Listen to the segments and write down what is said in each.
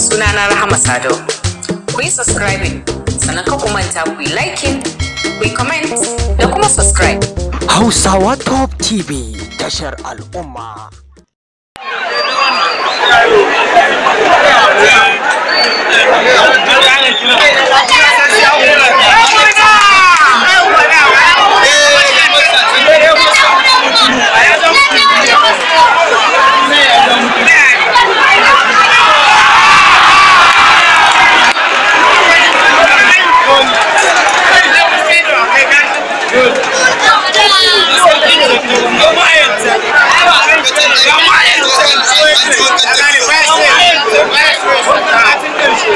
sunana Rahama Sadau. Ku yi subscribing, sannan ka kumanta ku yi liking, ku comment da kuma subscribe. Hausawa Top TV tashar al'umma.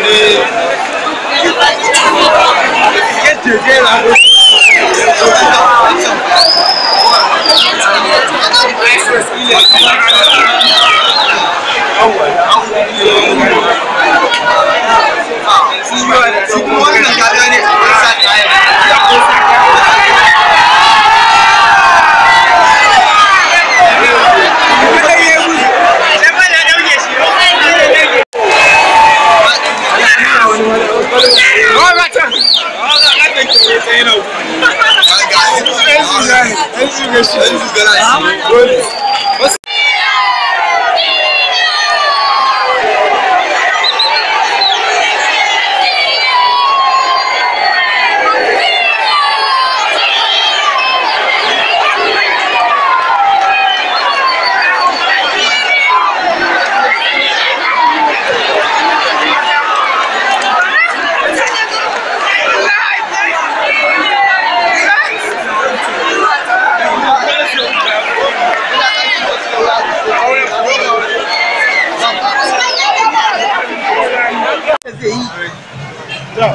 Madrid. you guys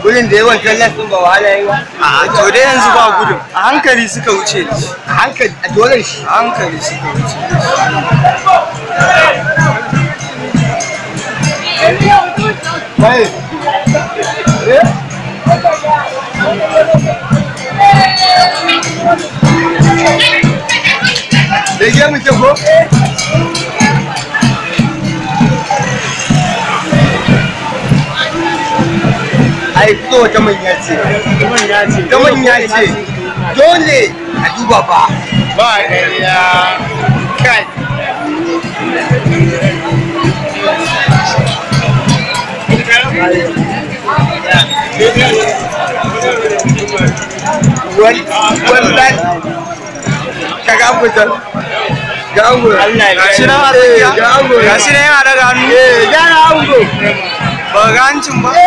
Gudun da yawan kallon sun ba wahala yi A to dai yanzu ba gudun. A hankali suka wuce da A hankali a dole shi. A hankali suka wuce Eh? ko? ai so ta manya ce ta manya ce dole a duba ba ba ya kai wannan ka ga fitar ga shi na eh, ga shi yana daga hannu eh, ga na ba ba